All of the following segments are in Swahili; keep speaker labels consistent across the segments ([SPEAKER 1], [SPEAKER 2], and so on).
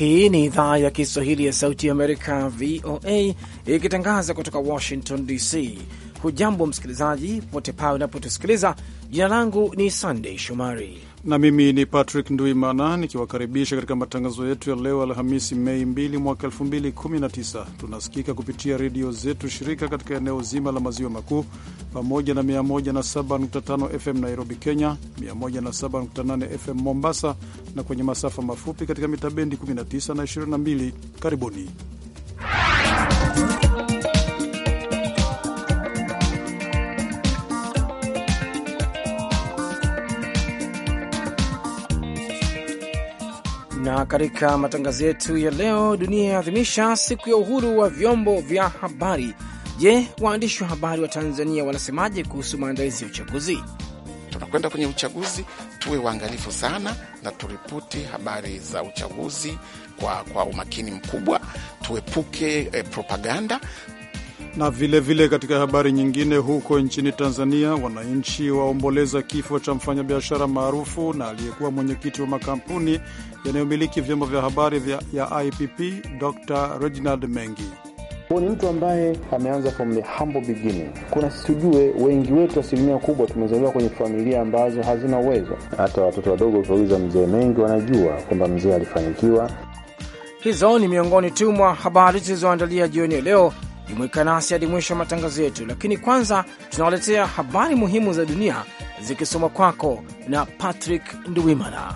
[SPEAKER 1] Hii ni idhaa ya Kiswahili ya Sauti ya Amerika, VOA, ikitangaza kutoka Washington DC. Hujambo msikilizaji, popote pale unapotusikiliza. Jina langu ni sandey Shomari
[SPEAKER 2] na mimi ni Patrick Nduimana nikiwakaribisha katika matangazo yetu ya leo Alhamisi, Mei 2 mwaka 2019. Tunasikika kupitia redio zetu shirika katika eneo zima la maziwa makuu pamoja na 107.5 FM Nairobi, Kenya, 107.8 FM Mombasa, na kwenye masafa mafupi katika mita bendi 19 na 22. Karibuni
[SPEAKER 1] Na katika matangazo yetu ya leo, dunia yaadhimisha siku ya uhuru wa vyombo vya habari. Je, waandishi wa habari wa Tanzania wanasemaje kuhusu maandalizi ya
[SPEAKER 3] uchaguzi? Tunakwenda kwenye uchaguzi, tuwe waangalifu sana na turipoti habari za uchaguzi kwa, kwa umakini mkubwa, tuepuke eh,
[SPEAKER 2] propaganda na vilevile vile katika habari nyingine, huko nchini Tanzania, wananchi waomboleza kifo cha mfanyabiashara maarufu na aliyekuwa mwenyekiti wa makampuni yanayomiliki vyombo vya habari vya ya IPP Dr. Reginald Mengi.
[SPEAKER 4] Huu ni mtu ambaye ameanza from the humble beginning. Kuna situjue, wengi wetu, asilimia kubwa tumezaliwa kwenye familia ambazo hazina uwezo. Hata watoto wadogo ukiwauliza mzee Mengi wanajua kwamba mzee alifanikiwa.
[SPEAKER 1] Hizo ni miongoni tu mwa habari zilizoandalia jioni ya leo. Jumuika nasi hadi mwisho wa matangazo yetu, lakini kwanza tunawaletea habari muhimu za dunia zikisoma kwako na Patrick Nduwimana.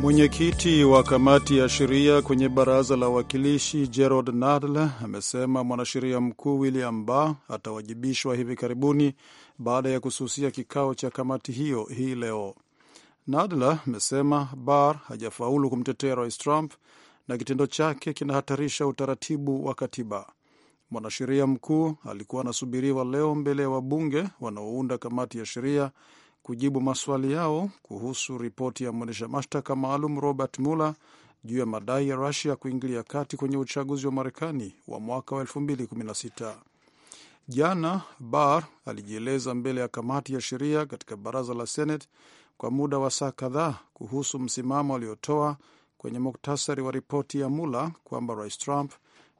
[SPEAKER 2] Mwenyekiti wa kamati ya sheria kwenye baraza la wawakilishi Gerald Nadler amesema mwanasheria mkuu William Barr atawajibishwa hivi karibuni baada ya kususia kikao cha kamati hiyo hii leo. Nadler amesema Barr hajafaulu kumtetea Rais Trump na kitendo chake kinahatarisha utaratibu wa katiba. Mwanasheria mkuu alikuwa anasubiriwa leo mbele ya wabunge wanaounda kamati ya sheria kujibu maswali yao kuhusu ripoti ya mwendesha mashtaka maalum Robert Mueller juu ya madai ya Rusia kuingilia kati kwenye uchaguzi wa Marekani wa mwaka wa 2016. Jana Barr alijieleza mbele ya kamati ya sheria katika baraza la Senate kwa muda wa saa kadhaa kuhusu msimamo aliotoa kwenye muktasari wa ripoti ya mula kwamba Rais Trump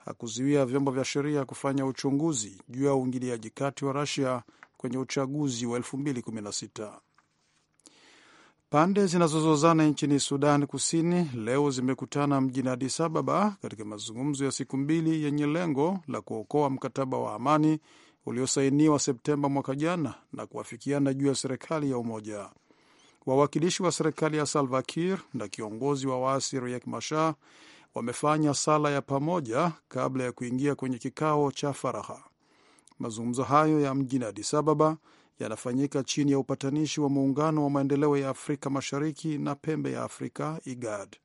[SPEAKER 2] hakuzuia vyombo vya sheria kufanya uchunguzi juu ya uingiliaji kati wa rasia kwenye uchaguzi wa 2016. Pande zinazozozana nchini Sudan Kusini leo zimekutana mjini Addis Ababa katika mazungumzo ya siku mbili yenye lengo la kuokoa mkataba wa amani uliosainiwa Septemba mwaka jana na kuafikiana juu ya serikali ya umoja. Wawakilishi wa serikali ya Salva Kiir na kiongozi wa waasi Riek Machar wamefanya sala ya pamoja kabla ya kuingia kwenye kikao cha faraha. Mazungumzo hayo ya mjini Addis Ababa yanafanyika chini ya upatanishi wa Muungano wa Maendeleo ya Afrika Mashariki na Pembe ya Afrika, IGAD.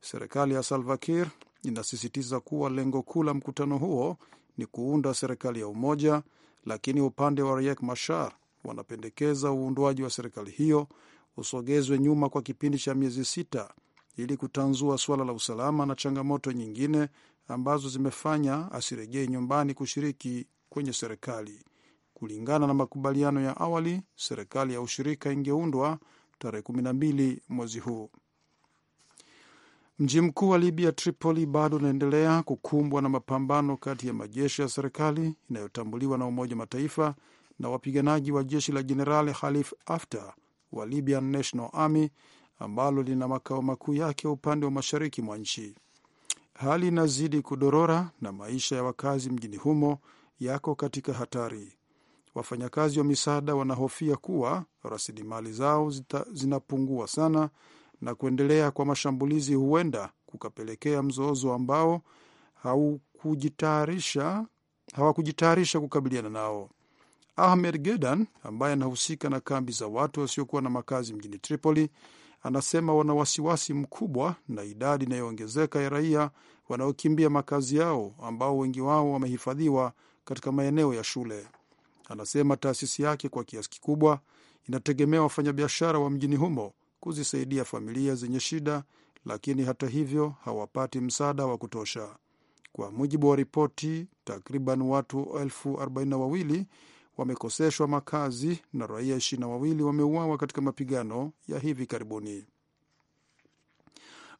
[SPEAKER 2] Serikali ya Salva Kiir inasisitiza kuwa lengo kuu la mkutano huo ni kuunda serikali ya umoja, lakini upande wa Riek Machar wanapendekeza uundwaji wa serikali hiyo usogezwe nyuma kwa kipindi cha miezi sita ili kutanzua suala la usalama na changamoto nyingine ambazo zimefanya asirejee nyumbani kushiriki kwenye serikali. Kulingana na makubaliano ya awali, serikali ya ushirika ingeundwa tarehe kumi na mbili mwezi huu. Mji mkuu wa Libya, Tripoli, bado unaendelea kukumbwa na mapambano kati ya majeshi ya serikali inayotambuliwa na Umoja Mataifa na wapiganaji wa jeshi la Jenerali Khalif Haftar wa Libyan National Army ambalo lina makao makuu yake upande wa mashariki mwa nchi. Hali inazidi kudorora na maisha ya wakazi mjini humo yako katika hatari. Wafanyakazi wa misaada wanahofia kuwa rasilimali zao zita, zinapungua sana na kuendelea kwa mashambulizi huenda kukapelekea mzozo ambao hawakujitayarisha kukabiliana nao. Ahmed Gedan ambaye anahusika na kambi za watu wasiokuwa na makazi mjini Tripoli anasema wana wasiwasi mkubwa na idadi inayoongezeka ya raia wanaokimbia makazi yao ambao wengi wao wamehifadhiwa katika maeneo ya shule. Anasema taasisi yake kwa kiasi kikubwa inategemea wafanyabiashara wa mjini humo kuzisaidia familia zenye shida, lakini hata hivyo hawapati msaada wa kutosha. Kwa mujibu wa ripoti, takriban watu elfu arobaini na wawili wamekoseshwa makazi na raia ishirini na wawili wameuawa katika mapigano ya hivi karibuni.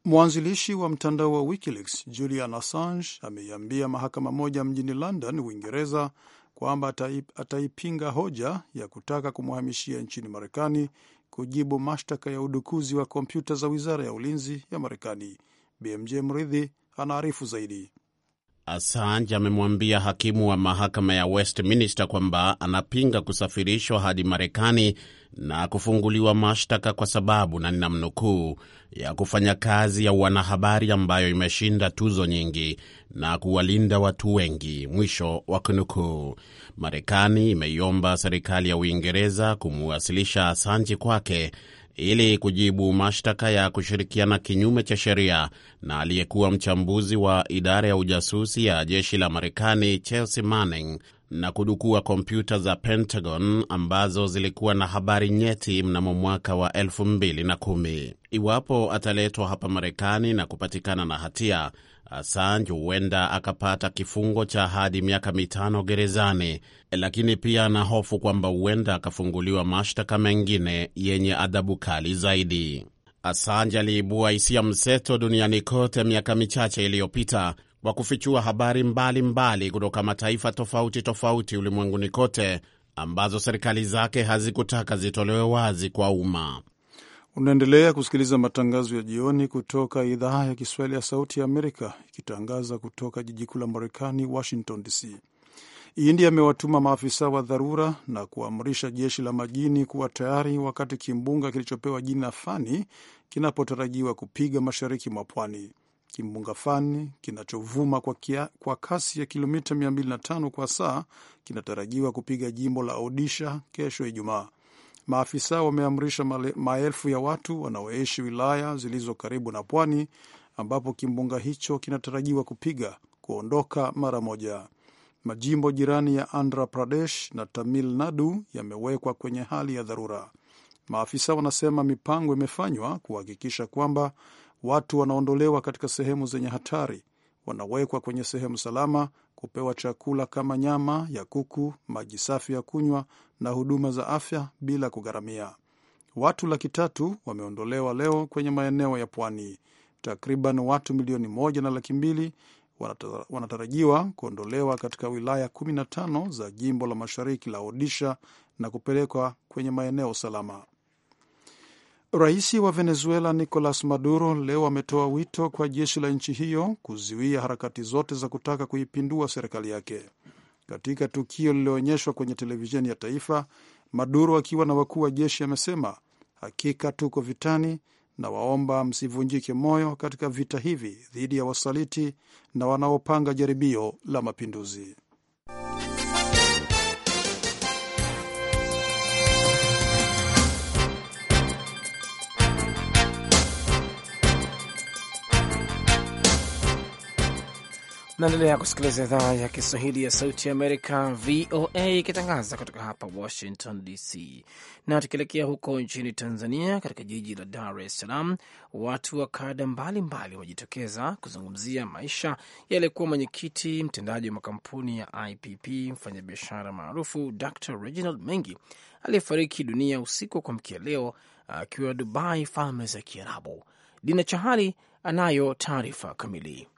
[SPEAKER 2] Mwanzilishi wa mtandao wa WikiLeaks Julian Assange ameiambia mahakama moja mjini London, Uingereza, kwamba ataipinga hoja ya kutaka kumhamishia nchini Marekani kujibu mashtaka ya udukuzi wa kompyuta za wizara ya ulinzi ya Marekani. BMJ Mridhi anaarifu zaidi.
[SPEAKER 3] Assange amemwambia hakimu wa mahakama ya Westminster kwamba anapinga kusafirishwa hadi Marekani na kufunguliwa mashtaka kwa sababu, na ninamnukuu, ya kufanya kazi ya wanahabari ambayo imeshinda tuzo nyingi na kuwalinda watu wengi, mwisho wa kunukuu. Marekani imeiomba serikali ya Uingereza kumwasilisha Assange kwake ili kujibu mashtaka ya kushirikiana kinyume cha sheria na aliyekuwa mchambuzi wa idara ya ujasusi ya jeshi la Marekani Chelsea Manning na kudukua kompyuta za Pentagon ambazo zilikuwa na habari nyeti mnamo mwaka wa 2010. Iwapo ataletwa hapa Marekani na kupatikana na hatia Assange huenda akapata kifungo cha hadi miaka mitano gerezani, lakini pia anahofu kwamba huenda akafunguliwa mashtaka mengine yenye adhabu kali zaidi. Assange aliibua hisia mseto duniani kote miaka michache iliyopita kwa kufichua habari mbalimbali kutoka mataifa tofauti tofauti ulimwenguni kote ambazo serikali zake hazikutaka zitolewe wazi kwa umma.
[SPEAKER 2] Unaendelea kusikiliza matangazo ya jioni kutoka idhaa ya Kiswahili ya Sauti ya Amerika ikitangaza kutoka jiji kuu la Marekani, Washington DC. India amewatuma maafisa wa dharura na kuamrisha jeshi la majini kuwa tayari wakati kimbunga kilichopewa jina Fani kinapotarajiwa kupiga mashariki mwa pwani. Kimbunga Fani kinachovuma kwa, kia, kwa kasi ya kilomita 205 kwa saa kinatarajiwa kupiga jimbo la Odisha kesho Ijumaa. Maafisa wameamrisha maelfu ya watu wanaoishi wilaya zilizo karibu na pwani ambapo kimbunga hicho kinatarajiwa kupiga kuondoka mara moja. Majimbo jirani ya Andhra Pradesh na Tamil Nadu yamewekwa kwenye hali ya dharura. Maafisa wanasema mipango imefanywa kuhakikisha kwamba watu wanaondolewa katika sehemu zenye hatari, wanawekwa kwenye sehemu salama, kupewa chakula kama nyama ya kuku, maji safi ya kunywa na huduma za afya bila kugharamia. Watu laki tatu wameondolewa leo kwenye maeneo ya pwani. Takriban watu milioni moja na laki mbili wanatarajiwa kuondolewa katika wilaya 15 za jimbo la mashariki la Odisha na kupelekwa kwenye maeneo salama. Rais wa Venezuela Nicolas Maduro leo ametoa wito kwa jeshi la nchi hiyo kuzuia harakati zote za kutaka kuipindua serikali yake. Katika tukio lililoonyeshwa kwenye televisheni ya taifa, Maduro akiwa na wakuu wa jeshi amesema, hakika tuko vitani na waomba msivunjike moyo katika vita hivi dhidi ya wasaliti na wanaopanga jaribio la mapinduzi.
[SPEAKER 1] Naendelea kusikiliza idhaa ya Kiswahili ya Sauti ya Amerika, VOA, ikitangaza kutoka hapa Washington DC. Na tukielekea huko nchini Tanzania, katika jiji la Dar es Salaam, watu wa kada mbalimbali wamejitokeza kuzungumzia maisha yaliyekuwa mwenyekiti mtendaji wa makampuni ya IPP, mfanyabiashara maarufu Dr Reginald Mengi aliyefariki dunia usiku wa kuamkia leo akiwa Dubai, Falme za Kiarabu. Dina Chahali anayo taarifa kamili.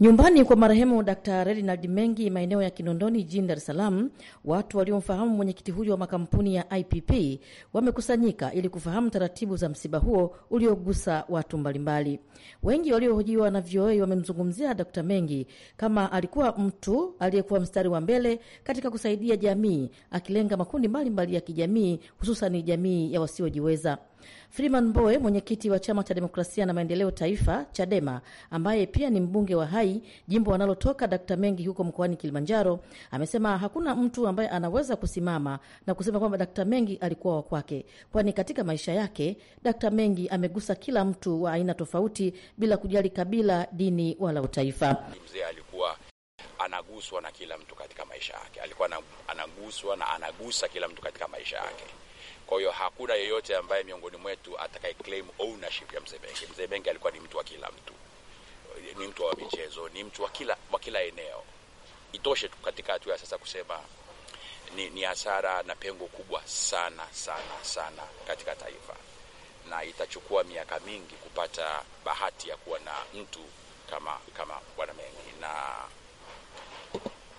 [SPEAKER 5] Nyumbani kwa marehemu Dkt Reginald Mengi, maeneo ya Kinondoni jijini Dar es Salaam, watu waliomfahamu mwenyekiti huyo wa makampuni ya IPP wamekusanyika ili kufahamu taratibu za msiba huo uliogusa watu mbalimbali. Wengi waliohojiwa na VOA wamemzungumzia d Mengi kama alikuwa mtu aliyekuwa mstari wa mbele katika kusaidia jamii, akilenga makundi mbalimbali mbali ya kijamii, hususani jamii ya wasiojiweza. Freeman Mbowe, mwenyekiti wa chama cha demokrasia na maendeleo taifa Chadema, ambaye pia ni mbunge wa Hai, jimbo analotoka Dakta Mengi huko mkoani Kilimanjaro, amesema hakuna mtu ambaye anaweza kusimama na kusema kwamba Dakta Mengi alikuwa wa kwake, kwani katika maisha yake Dakta Mengi amegusa kila mtu wa aina tofauti bila kujali kabila, dini wala utaifa.
[SPEAKER 2] Mzee alikuwa
[SPEAKER 3] anaguswa na kila mtu katika maisha yake, alikuwa anaguswa na anagusa kila mtu katika maisha yake. Kwa hiyo hakuna yeyote ambaye miongoni mwetu atakaye claim ownership ya Mzee Benge. Mzee Benge alikuwa ni mtu wa kila mtu, ni mtu wa michezo, ni mtu wa kila, wa kila eneo. Itoshe tu katika hatua ya sasa kusema ni, ni hasara na pengo kubwa sana sana sana katika taifa, na itachukua miaka mingi kupata bahati ya kuwa na mtu kama kama Bwana Mengi, na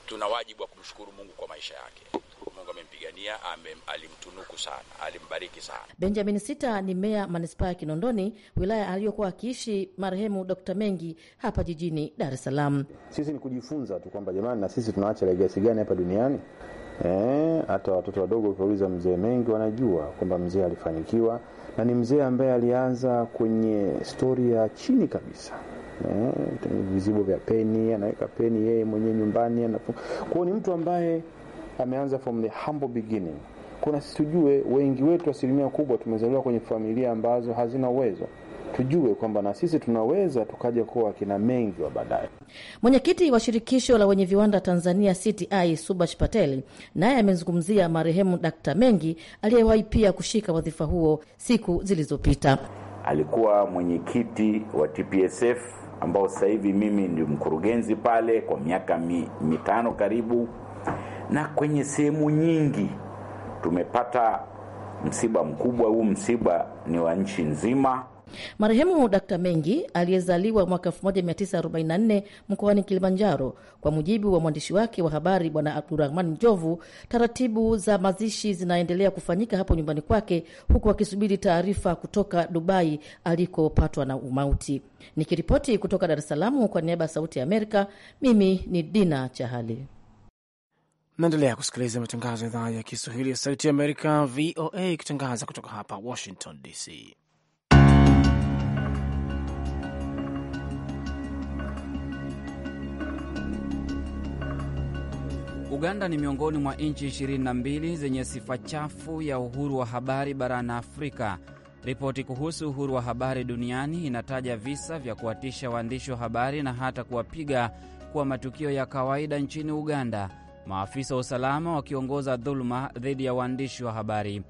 [SPEAKER 3] tuna wajibu wa kumshukuru Mungu kwa maisha yake amempigania alimtunuku sana, alimbariki sana.
[SPEAKER 5] Benjamin Sita ni meya manispaa ya Kinondoni, wilaya aliyokuwa akiishi marehemu Dr. Mengi hapa jijini Dar es Salaam.
[SPEAKER 4] Sisi ni kujifunza tu kwamba jamani, na sisi tunaacha legasi gani hapa duniani? Eh, hata e, watoto wadogo ukiwauliza mzee Mengi wanajua kwamba mzee alifanikiwa na ni mzee ambaye alianza kwenye stori ya chini kabisa e, vizibo vya peni, anaweka peni yeye mwenyewe nyumbani, Kwao ni mtu ambaye ameanza from the humble beginning. Kuna sisi tujue, wengi wetu asilimia kubwa tumezaliwa kwenye familia ambazo hazina uwezo
[SPEAKER 6] tujue kwamba na sisi tunaweza tukaja kuwa wakina mengi wa baadaye.
[SPEAKER 5] Mwenyekiti wa shirikisho la wenye viwanda Tanzania CTI Subash pateli naye amezungumzia marehemu Dakta Mengi aliyewahi pia kushika wadhifa huo siku zilizopita.
[SPEAKER 3] Alikuwa mwenyekiti wa TPSF ambao sasa hivi mimi ndio mkurugenzi pale kwa miaka mi, mitano karibu na kwenye sehemu nyingi tumepata msiba mkubwa. Huu msiba ni wa nchi nzima.
[SPEAKER 5] Marehemu Dkta Mengi aliyezaliwa mwaka 1944 mkoani Kilimanjaro, kwa mujibu wa mwandishi wake wa habari Bwana Abdurahman mjovu taratibu za mazishi zinaendelea kufanyika hapo nyumbani kwake, huku akisubiri taarifa kutoka Dubai alikopatwa na umauti. Nikiripoti kutoka Dar es kwa niaba ya Sauti ya Amerika, mimi ni Dina Chahali.
[SPEAKER 1] Naendelea kusikiliza matangazo ya idhaa ya Kiswahili ya Sauti ya Amerika, VOA, ikitangaza kutoka hapa Washington DC.
[SPEAKER 7] Uganda ni miongoni mwa nchi 22 zenye sifa chafu ya uhuru wa habari barani Afrika. Ripoti kuhusu uhuru wa habari duniani inataja visa vya kuwatisha waandishi wa habari na hata kuwapiga kuwa matukio ya kawaida nchini Uganda maafisa wa usalama wakiongoza dhuluma dhidi ya waandishi wa habari.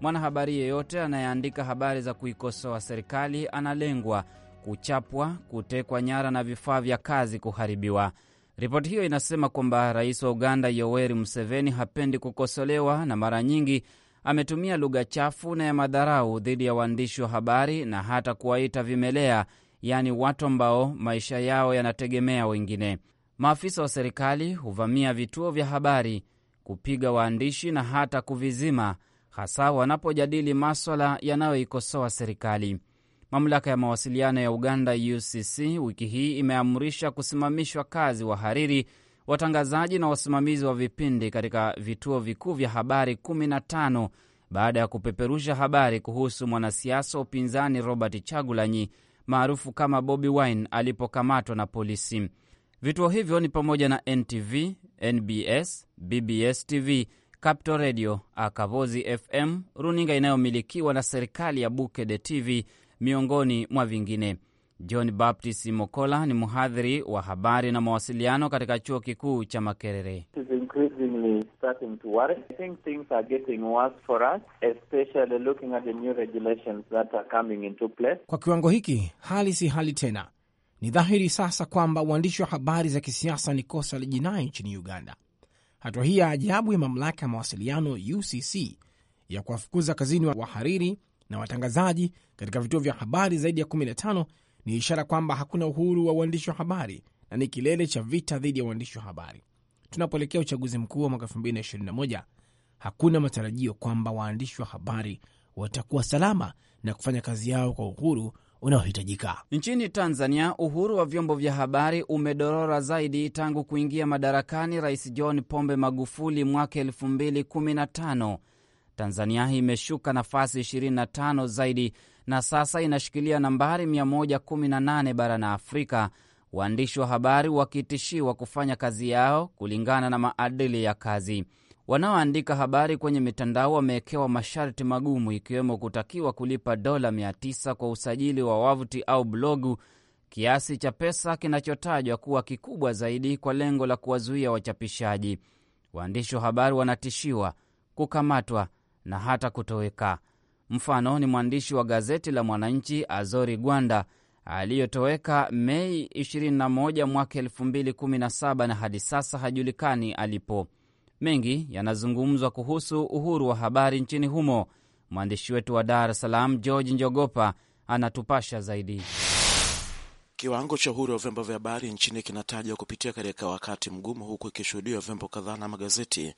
[SPEAKER 7] Mwanahabari yeyote anayeandika habari za kuikosoa serikali analengwa, kuchapwa, kutekwa nyara na vifaa vya kazi kuharibiwa. Ripoti hiyo inasema kwamba rais wa Uganda Yoweri Museveni hapendi kukosolewa na mara nyingi ametumia lugha chafu na ya madharau dhidi ya waandishi wa habari na hata kuwaita vimelea, yaani watu ambao maisha yao yanategemea wengine. Maafisa wa serikali huvamia vituo vya habari, kupiga waandishi na hata kuvizima, hasa wanapojadili maswala yanayoikosoa serikali. Mamlaka ya mawasiliano ya Uganda, UCC, wiki hii imeamrisha kusimamishwa kazi wahariri, watangazaji na wasimamizi wa vipindi katika vituo vikuu vya habari 15 baada ya kupeperusha habari kuhusu mwanasiasa wa upinzani Robert Chagulanyi maarufu kama Bobi Wine alipokamatwa na polisi. Vituo hivyo ni pamoja na NTV, NBS, BBS TV, Capital Radio, Akavozi FM, runinga inayomilikiwa na serikali ya Bukede TV, miongoni mwa vingine. John Baptist Mokola ni mhadhiri wa habari na mawasiliano katika chuo kikuu cha Makerere.
[SPEAKER 1] Kwa kiwango hiki, hali si hali tena, ni dhahiri sasa kwamba uandishi wa habari za kisiasa ni kosa la jinai nchini Uganda. Hatua hii ya ajabu ya mamlaka ya mawasiliano UCC ya kuwafukuza kazini wa wahariri na watangazaji katika vituo vya habari zaidi ya 15 ni ishara kwamba hakuna uhuru wa uandishi wa habari na ni kilele cha vita dhidi ya uandishi wa habari. Tunapoelekea uchaguzi mkuu wa mwaka 2021, hakuna matarajio kwamba waandishi wa habari watakuwa salama na kufanya kazi yao kwa uhuru unaohitajika.
[SPEAKER 7] Nchini Tanzania, uhuru wa vyombo vya habari umedorora zaidi tangu kuingia madarakani Rais John Pombe Magufuli mwaka 2015. Tanzania imeshuka nafasi 25 zaidi na sasa inashikilia nambari 118 barani Afrika, waandishi wa habari wakitishiwa kufanya kazi yao kulingana na maadili ya kazi. Wanaoandika habari kwenye mitandao wamewekewa masharti magumu, ikiwemo kutakiwa kulipa dola 9 kwa usajili wa wavuti au blogu, kiasi cha pesa kinachotajwa kuwa kikubwa zaidi kwa lengo la kuwazuia wachapishaji. Waandishi wa habari wanatishiwa kukamatwa na hata kutoweka. Mfano ni mwandishi wa gazeti la Mwananchi Azori Gwanda aliyotoweka Mei 21 mwaka 2017 na hadi sasa hajulikani alipo. Mengi yanazungumzwa kuhusu uhuru wa habari nchini humo. Mwandishi wetu wa Dar es Salaam, George Njogopa, anatupasha zaidi.
[SPEAKER 6] Kiwango cha uhuru wa vyombo vya habari nchini kinatajwa kupitia katika wakati mgumu, huku ikishuhudiwa vyombo kadhaa na magazeti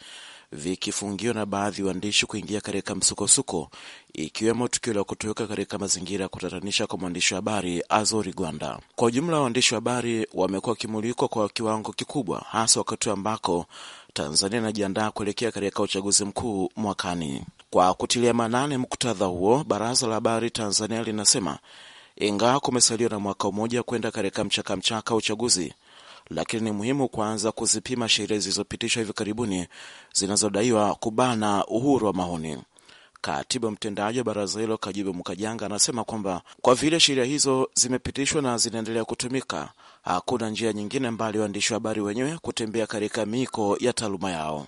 [SPEAKER 6] vikifungiwa na baadhi ya waandishi kuingia katika msukosuko, ikiwemo tukio la kutoweka katika mazingira ya kutatanisha kwa mwandishi wa habari Azori Gwanda. Kwa ujumla, waandishi wa habari wamekuwa wakimulikwa kwa kiwango kikubwa, hasa wakati ambako Tanzania inajiandaa kuelekea katika uchaguzi mkuu mwakani. Kwa kutilia maanani muktadha huo, Baraza la Habari Tanzania linasema ingawa kumesalia na mwaka mmoja kwenda katika mchakamchaka uchaguzi, lakini ni muhimu kuanza kuzipima sheria zilizopitishwa hivi karibuni zinazodaiwa kubana uhuru wa maoni. Katibu mtendaji wa baraza hilo Kajubi Mkajanga anasema kwamba kwa vile sheria hizo zimepitishwa na zinaendelea kutumika, hakuna njia nyingine mbali waandishi wa habari wenyewe kutembea katika miiko ya taaluma yao.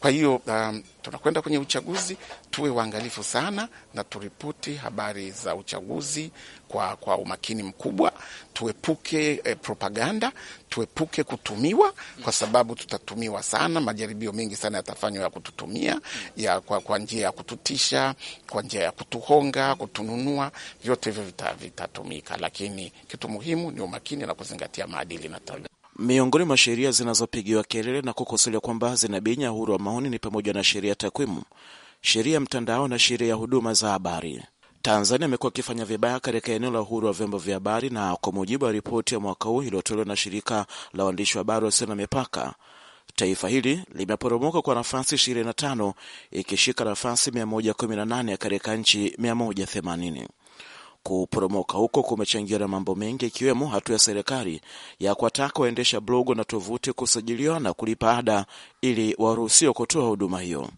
[SPEAKER 6] Kwa hiyo um, tunakwenda kwenye uchaguzi,
[SPEAKER 3] tuwe waangalifu sana na turipoti habari za uchaguzi kwa, kwa umakini mkubwa, tuepuke eh, propaganda, tuepuke kutumiwa, kwa sababu tutatumiwa sana. Majaribio mengi sana yatafanywa ya kututumia ya kwa, kwa njia ya kututisha, kwa njia ya kutuhonga, kutununua, vyote hivyo vitatumika vita, lakini kitu muhimu ni umakini na kuzingatia maadili na tabia.
[SPEAKER 6] Miongoni mwa sheria zinazopigiwa kelele na kukosolewa kwamba zinabinya uhuru wa maoni ni pamoja na sheria ya takwimu, sheria ya mtandao na sheria ya huduma za habari. Tanzania imekuwa ikifanya vibaya katika eneo la uhuru wa vyombo vya habari, na kwa mujibu wa ripoti ya mwaka huu iliyotolewa na shirika la waandishi wa habari wasio na mipaka, taifa hili limeporomoka kwa nafasi 25 ikishika nafasi 118 katika nchi 180. Kuporomoka huko kumechangiwa na mambo mengi, ikiwemo hatua ya serikali ya kuwataka waendesha blogo na tovuti kusajiliwa na kulipa ada ili waruhusiwe kutoa huduma hiyo.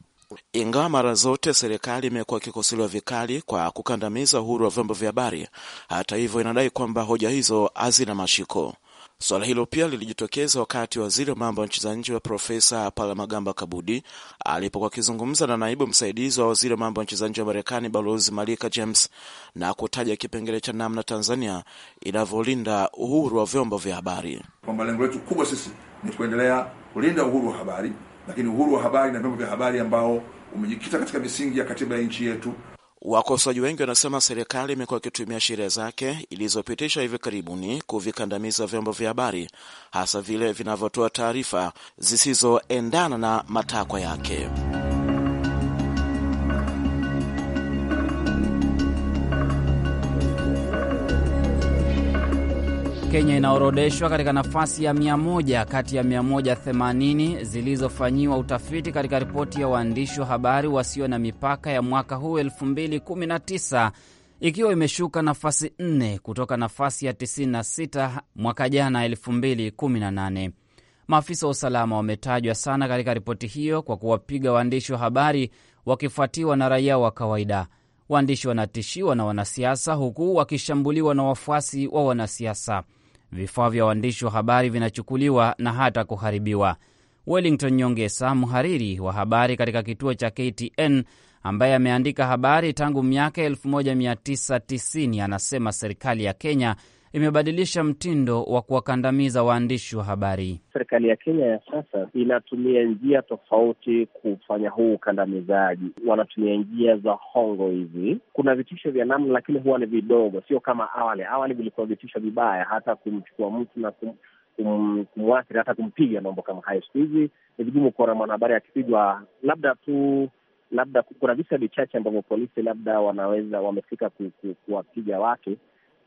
[SPEAKER 6] Ingawa mara zote serikali imekuwa ikikosolewa vikali kwa kukandamiza uhuru wa vyombo vya habari, hata hivyo inadai kwamba hoja hizo hazina mashiko. Suala hilo pia lilijitokeza wakati waziri wa mambo ya nchi za nje wa Profesa Palamagamba Kabudi alipokuwa akizungumza na naibu msaidizi wa waziri wa mambo ya nchi za nje wa Marekani Balozi Malika James na kutaja kipengele cha namna Tanzania inavyolinda uhuru wa vyombo vya habari,
[SPEAKER 8] kwamba lengo letu kubwa sisi ni kuendelea kulinda uhuru wa habari lakini uhuru wa habari na vyombo vya habari ambao umejikita katika misingi
[SPEAKER 6] ya katiba ya nchi yetu. Wakosoaji wengi wanasema serikali imekuwa ikitumia sheria zake ilizopitishwa hivi karibuni kuvikandamiza vyombo vya habari, hasa vile vinavyotoa taarifa zisizoendana na matakwa yake.
[SPEAKER 7] Kenya inaorodeshwa katika nafasi ya 100 kati ya 180 zilizofanyiwa utafiti katika ripoti ya waandishi wa habari wasio na mipaka ya mwaka huu 2019 ikiwa imeshuka nafasi 4 kutoka nafasi ya 96 mwaka jana 2018. Maafisa wa usalama wametajwa sana katika ripoti hiyo kwa kuwapiga waandishi wa habari wakifuatiwa na raia wa kawaida. Waandishi wanatishiwa na wanasiasa huku wakishambuliwa na wafuasi wa wanasiasa vifaa vya waandishi wa habari vinachukuliwa na hata kuharibiwa. Wellington Nyongesa, mhariri wa habari katika kituo cha KTN ambaye ameandika habari tangu miaka 1990, anasema serikali ya Kenya imebadilisha mtindo wa kuwakandamiza waandishi wa habari. Serikali ya Kenya ya sasa inatumia njia tofauti kufanya huu ukandamizaji. Wanatumia njia za hongo hizi. Kuna vitisho vya namna, lakini huwa ni vidogo, sio kama awali. Awali vilikuwa vitisho vibaya, hata kumchukua mtu na kum kumwathiri hata kumpiga, mambo kama hayo. Siku hizi ni vigumu kuona mwanahabari akipigwa, labda tu labda kuna visa vichache ambavyo polisi labda wanaweza wamefika kuwapiga ku, watu,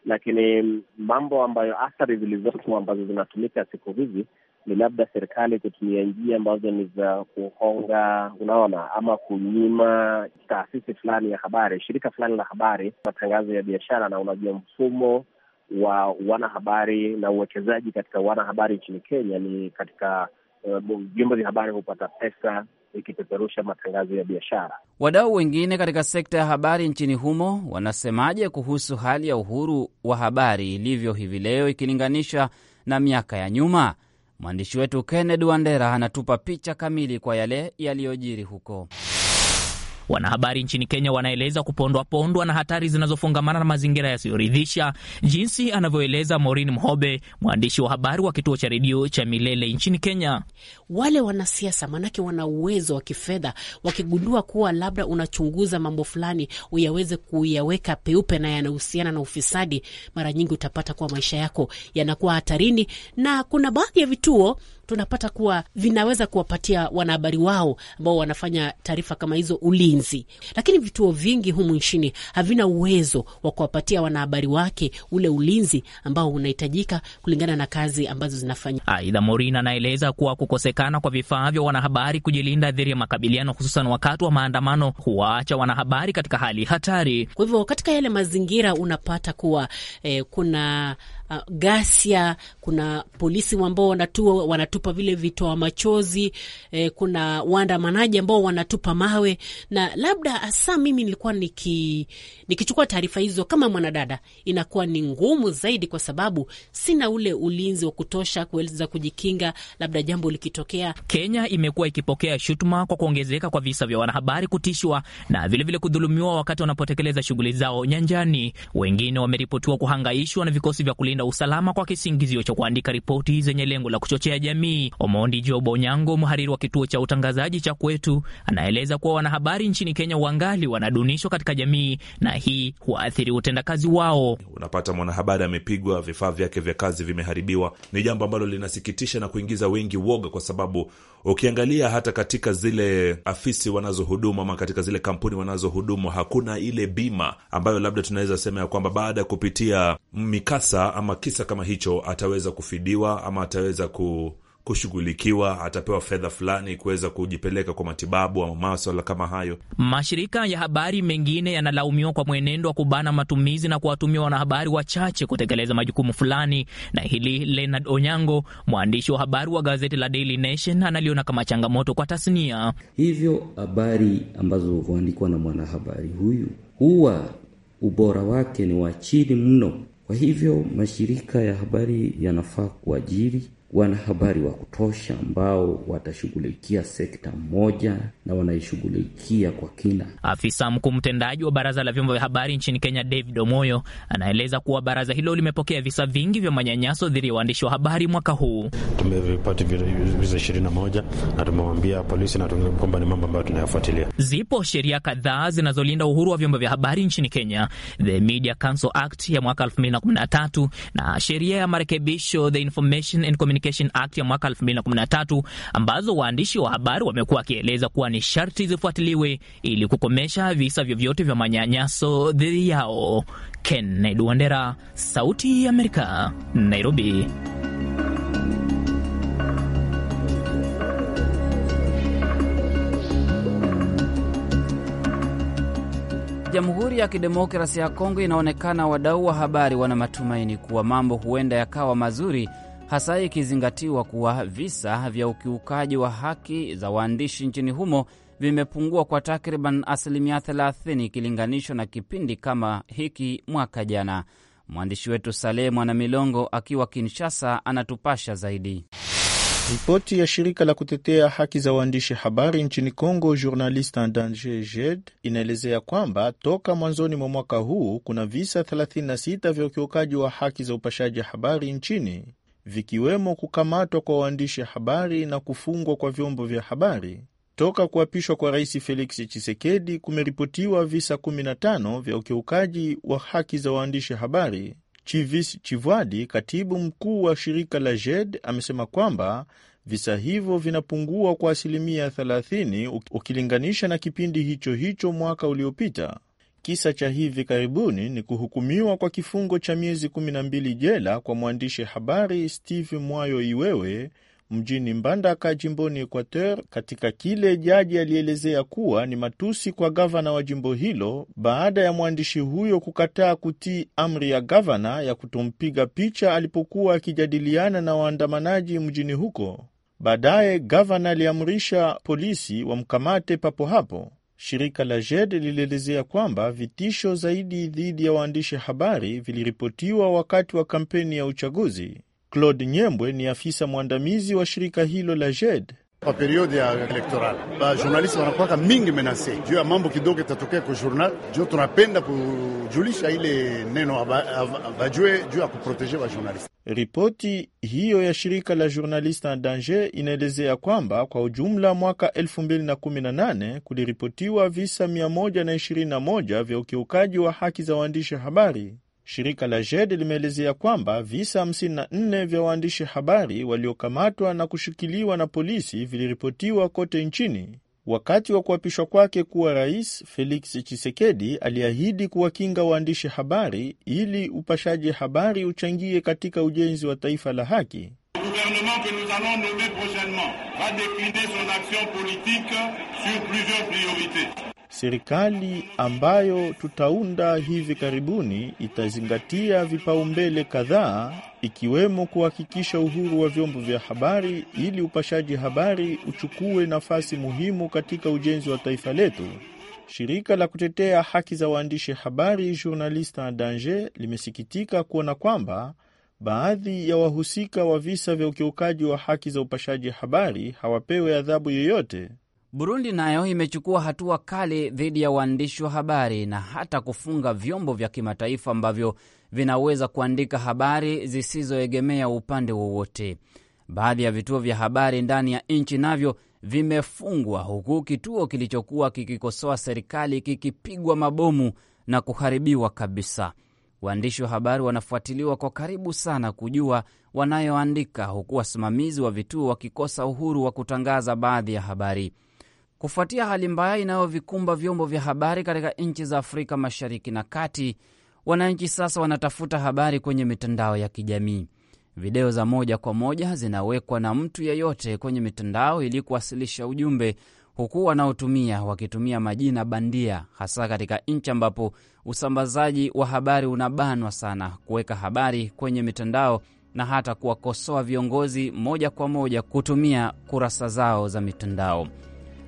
[SPEAKER 7] lakini mambo ambayo athari zilizopo ambazo zinatumika siku hizi ni labda serikali kutumia njia ambazo ni za kuhonga, unaona, ama kunyima taasisi fulani ya habari, shirika fulani la habari, matangazo ya biashara. Na unajua mfumo wa wanahabari na uwekezaji katika wanahabari nchini Kenya ni katika eh, vyombo uh, vya habari hupata pesa ikipeperusha matangazo ya biashara. Wadau wengine katika sekta ya habari nchini humo wanasemaje kuhusu hali ya uhuru wa habari ilivyo hivi leo ikilinganisha na miaka ya nyuma? Mwandishi wetu Kennedy Wandera anatupa picha kamili kwa yale yaliyojiri huko.
[SPEAKER 8] Wanahabari nchini Kenya wanaeleza kupondwa pondwa na hatari zinazofungamana na mazingira yasiyoridhisha, jinsi anavyoeleza Maureen Mhobe, mwandishi wa habari wa kituo cha redio cha Milele nchini Kenya.
[SPEAKER 9] Wale wanasiasa manake wana uwezo wa kifedha, wakigundua kuwa labda unachunguza mambo fulani uyaweze kuyaweka peupe na yanahusiana na ufisadi, mara nyingi utapata kuwa maisha yako yanakuwa hatarini, na kuna baadhi ya vituo tunapata kuwa vinaweza kuwapatia wanahabari wao ambao wanafanya taarifa kama hizo ulinzi, lakini vituo vingi humu nchini havina uwezo wa kuwapatia wanahabari wake ule ulinzi ambao unahitajika kulingana na kazi ambazo zinafanya.
[SPEAKER 8] Aidha, Morin anaeleza kuwa kukosekana kwa vifaa vya wanahabari kujilinda dhidi ya makabiliano, hususan wakati wa maandamano, huwaacha
[SPEAKER 9] wanahabari katika hali hatari. Kwa hivyo katika yale mazingira unapata kuwa eh, kuna uh, ghasia, kuna polisi ambao wanatua, wanatupa vile vitoa machozi eh, kuna waandamanaji ambao wanatupa mawe, na labda hasa mimi nilikuwa niki, nikichukua taarifa hizo kama mwanadada, inakuwa ni ngumu zaidi, kwa sababu sina ule ulinzi wa kutosha kuweza kujikinga labda jambo likitokea.
[SPEAKER 8] Kenya imekuwa ikipokea shutuma kwa kuongezeka kwa visa vya wanahabari kutishwa na vilevile vile kudhulumiwa wakati wanapotekeleza shughuli zao nyanjani. Wengine wameripotiwa kuhangaishwa na vikosi vya kulinda kulinda usalama kwa kisingizio cha kuandika ripoti zenye lengo la kuchochea jamii. Omondi job Nyango, mhariri wa kituo cha utangazaji cha Kwetu, anaeleza kuwa wanahabari nchini Kenya wangali wanadunishwa katika jamii na hii huathiri utendakazi wao. Unapata mwanahabari amepigwa, vifaa vyake vya kazi vimeharibiwa. Ni jambo ambalo linasikitisha na kuingiza wengi woga, kwa
[SPEAKER 4] sababu ukiangalia hata katika zile afisi wanazohudumu ama katika zile kampuni wanazohudumu hakuna ile bima ambayo labda tunaweza sema ya kwamba baada ya kupitia mikasa ama kisa kama hicho ataweza kufidiwa ama ataweza ku kushughulikiwa atapewa fedha fulani kuweza kujipeleka kwa matibabu ama maswala kama hayo.
[SPEAKER 8] Mashirika ya habari mengine yanalaumiwa kwa mwenendo wa kubana matumizi na kuwatumia wanahabari wachache kutekeleza majukumu fulani, na hili Leonard Onyango, mwandishi wa habari wa gazeti la Daily Nation, analiona kama changamoto kwa tasnia.
[SPEAKER 7] Hivyo habari ambazo huandikwa na mwanahabari huyu huwa ubora wake ni wa chini mno kwa hivyo mashirika ya habari yanafaa kuajiri wanahabari wa kutosha ambao watashughulikia sekta moja na wanaishughulikia kwa kina.
[SPEAKER 8] Afisa mkuu mtendaji wa baraza la vyombo vya habari nchini Kenya, David Omoyo, anaeleza kuwa baraza hilo limepokea visa vingi vya manyanyaso dhidi ya waandishi wa habari mwaka huu.
[SPEAKER 4] Tumevipata visa ishirini na moja na tumewaambia polisi na kwamba ni mambo ambayo tunayafuatilia.
[SPEAKER 8] Zipo sheria kadhaa zinazolinda uhuru wa vyombo vya habari nchini Kenya, The Media Council Act ya mwaka 2013 na sheria ya marekebisho The Information and Communication Communication Act ya mwaka 2013 ambazo waandishi wa habari wamekuwa wakieleza kuwa ni sharti zifuatiliwe ili kukomesha visa vyovyote vya manyanyaso dhidi yao. Kennedy Wandera, Sauti ya Amerika, Nairobi.
[SPEAKER 7] Jamhuri ya Kidemokrasi ya Kongo inaonekana wadau wa habari wana matumaini kuwa mambo huenda yakawa mazuri hasa ikizingatiwa kuwa visa vya ukiukaji wa haki za waandishi nchini humo vimepungua kwa takriban asilimia 30 ikilinganishwa na kipindi kama hiki mwaka jana. Mwandishi wetu Saleh Mwanamilongo akiwa Kinshasa anatupasha zaidi.
[SPEAKER 4] Ripoti ya shirika la kutetea haki za waandishi habari nchini Congo, Journalist en Danger JED, inaelezea kwamba toka mwanzoni mwa mwaka huu kuna visa 36 vya ukiukaji wa haki za upashaji habari nchini vikiwemo kukamatwa kwa waandishi habari na kufungwa kwa vyombo vya habari. Toka kuapishwa kwa Rais feliksi chisekedi kumeripotiwa visa 15 vya ukiukaji wa haki za waandishi habari. Chivis Chivwadi, katibu mkuu wa shirika la JED, amesema kwamba visa hivyo vinapungua kwa asilimia 30 ukilinganisha na kipindi hicho hicho mwaka uliopita. Kisa cha hivi karibuni ni kuhukumiwa kwa kifungo cha miezi 12 jela kwa mwandishi habari Steve Mwayo Iwewe mjini Mbandaka jimboni Equateur katika kile jaji alielezea kuwa ni matusi kwa gavana wa jimbo hilo baada ya mwandishi huyo kukataa kutii amri ya gavana ya kutompiga picha alipokuwa akijadiliana na waandamanaji mjini huko. Baadaye gavana aliamrisha polisi wamkamate papo hapo. Shirika la JED lilielezea kwamba vitisho zaidi dhidi ya waandishi habari viliripotiwa wakati wa kampeni ya uchaguzi. Claude Nyembwe ni afisa mwandamizi wa shirika hilo la JED kwa periodi ya elektoral ba journalist wanakuwaka mingi menase juu ya mambo kidogo itatokea kwa journal, juu tunapenda kujulisha ile neno bajue juu ya kuproteje wa journalist. Ripoti hiyo ya shirika la Journaliste en Danger inaelezea kwamba kwa ujumla mwaka 2018 kuliripotiwa visa 121 vya ukiukaji wa haki za waandishi habari. Shirika la JED limeelezea kwamba visa 54 vya waandishi habari waliokamatwa na kushikiliwa na polisi viliripotiwa kote nchini. Wakati wa kuapishwa kwake kuwa rais, Felix Tshisekedi aliahidi kuwakinga waandishi habari ili upashaji habari uchangie katika ujenzi wa taifa la haki. politique Serikali ambayo tutaunda hivi karibuni itazingatia vipaumbele kadhaa ikiwemo kuhakikisha uhuru wa vyombo vya habari ili upashaji habari uchukue nafasi muhimu katika ujenzi wa taifa letu. Shirika la kutetea haki za waandishi habari journalista en Danger limesikitika kuona kwamba baadhi ya wahusika wa visa vya ukiukaji wa haki za upashaji habari hawapewi adhabu yoyote.
[SPEAKER 7] Burundi nayo imechukua hatua kali dhidi ya waandishi wa habari na hata kufunga vyombo vya kimataifa ambavyo vinaweza kuandika habari zisizoegemea upande wowote. Baadhi ya vituo vya habari ndani ya nchi navyo vimefungwa, huku kituo kilichokuwa kikikosoa serikali kikipigwa mabomu na kuharibiwa kabisa. Waandishi wa habari wanafuatiliwa kwa karibu sana kujua wanayoandika, huku wasimamizi wa vituo wakikosa uhuru wa kutangaza baadhi ya habari kufuatia hali mbaya inayovikumba vyombo vya habari katika nchi za Afrika Mashariki na Kati. Wananchi sasa wanatafuta habari kwenye mitandao ya kijamii. Video za moja kwa moja zinawekwa na mtu yeyote kwenye mitandao ili kuwasilisha ujumbe, huku wanaotumia wakitumia majina bandia, hasa katika nchi ambapo usambazaji wa habari unabanwa sana, kuweka habari kwenye mitandao na hata kuwakosoa viongozi moja kwa moja kutumia kurasa zao za mitandao.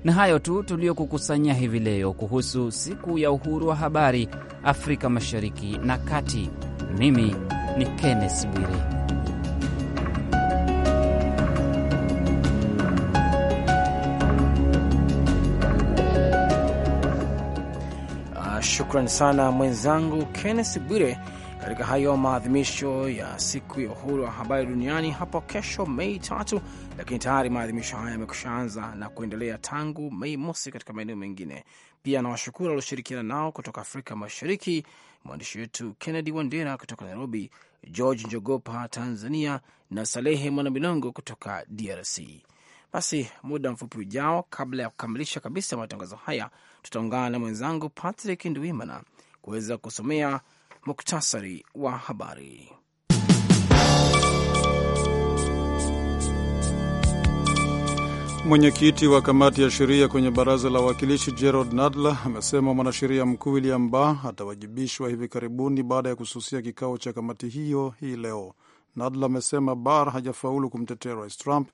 [SPEAKER 7] Na hayo tu tuliyokukusanyia hivi leo kuhusu siku ya uhuru wa habari Afrika Mashariki na Kati. Mimi ni Kenneth Bwire.
[SPEAKER 1] Ah, shukran sana mwenzangu Kenneth Bwire katika hayo maadhimisho ya siku ya uhuru wa habari duniani hapo kesho Mei tatu, lakini tayari maadhimisho haya anza na kuendelea tangu Mei mosi katika maeneo mengine. Pia nawashukuru walioshirikiana nao kutoka Afrika Mashariki, mwandishi wetu Kennedy Wandera kutoka Nairobi, George Njogopa Tanzania na Salehe Mwanamilongo kutoka DRC. Basi muda mfupi ujao, kabla ya kukamilisha kabisa matangazo haya, tutaungana na mwenzangu Patrick Ndwimana kuweza kusomea muktasari wa habari.
[SPEAKER 2] Mwenyekiti wa kamati ya sheria kwenye baraza la wawakilishi Gerald Nadler amesema mwanasheria mkuu William Barr atawajibishwa hivi karibuni baada ya kususia kikao cha kamati hiyo hii leo. Nadler amesema Barr hajafaulu kumtetea rais Trump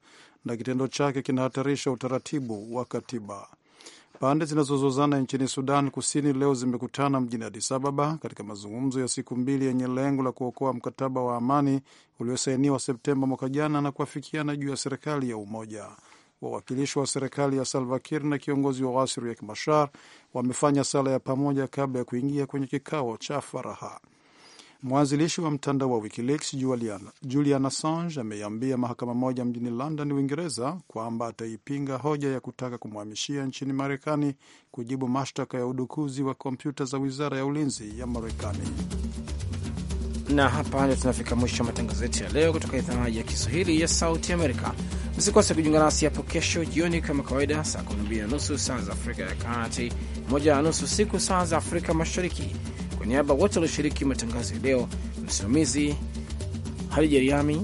[SPEAKER 2] na kitendo chake kinahatarisha utaratibu wa katiba. Pande zinazozozana nchini Sudan Kusini leo zimekutana mjini Addis Ababa katika mazungumzo ya siku mbili yenye lengo la kuokoa mkataba wa amani uliosainiwa Septemba mwaka jana na kuafikiana juu ya serikali ya umoja. Wawakilishi wa serikali ya Salva Kiir na kiongozi wa waasi Riek Machar wamefanya sala ya pamoja kabla ya kuingia kwenye kikao cha faraha. Mwanzilishi wa mtandao wa WikiLeaks Julian, Julian Assange ameiambia mahakama moja mjini London, Uingereza, kwamba ataipinga hoja ya kutaka kumhamishia nchini Marekani kujibu mashtaka ya udukuzi wa kompyuta za wizara ya ulinzi ya Marekani.
[SPEAKER 1] Na hapa ndio tunafika mwisho wa matangazo yetu ya leo kutoka idhaa ya Kiswahili ya Sauti Amerika. Msikose kujiunga nasi hapo kesho jioni kama kawaida, saa 12 na nusu saa za Afrika ya Kati, 1 na nusu siku saa za Afrika Mashariki. Kwa niaba wote walioshiriki matangazo ya leo, msimamizi Hadija Riami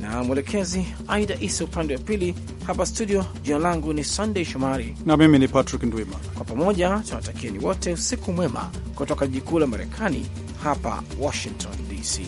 [SPEAKER 1] na mwelekezi Aida Isa upande wa pili hapa studio. Jina langu ni sandey Shomari
[SPEAKER 2] na mimi ni Patrick Ndwima.
[SPEAKER 1] Kwa pamoja tunawatakieni wote usiku mwema kutoka jiji kuu la Marekani hapa Washington DC.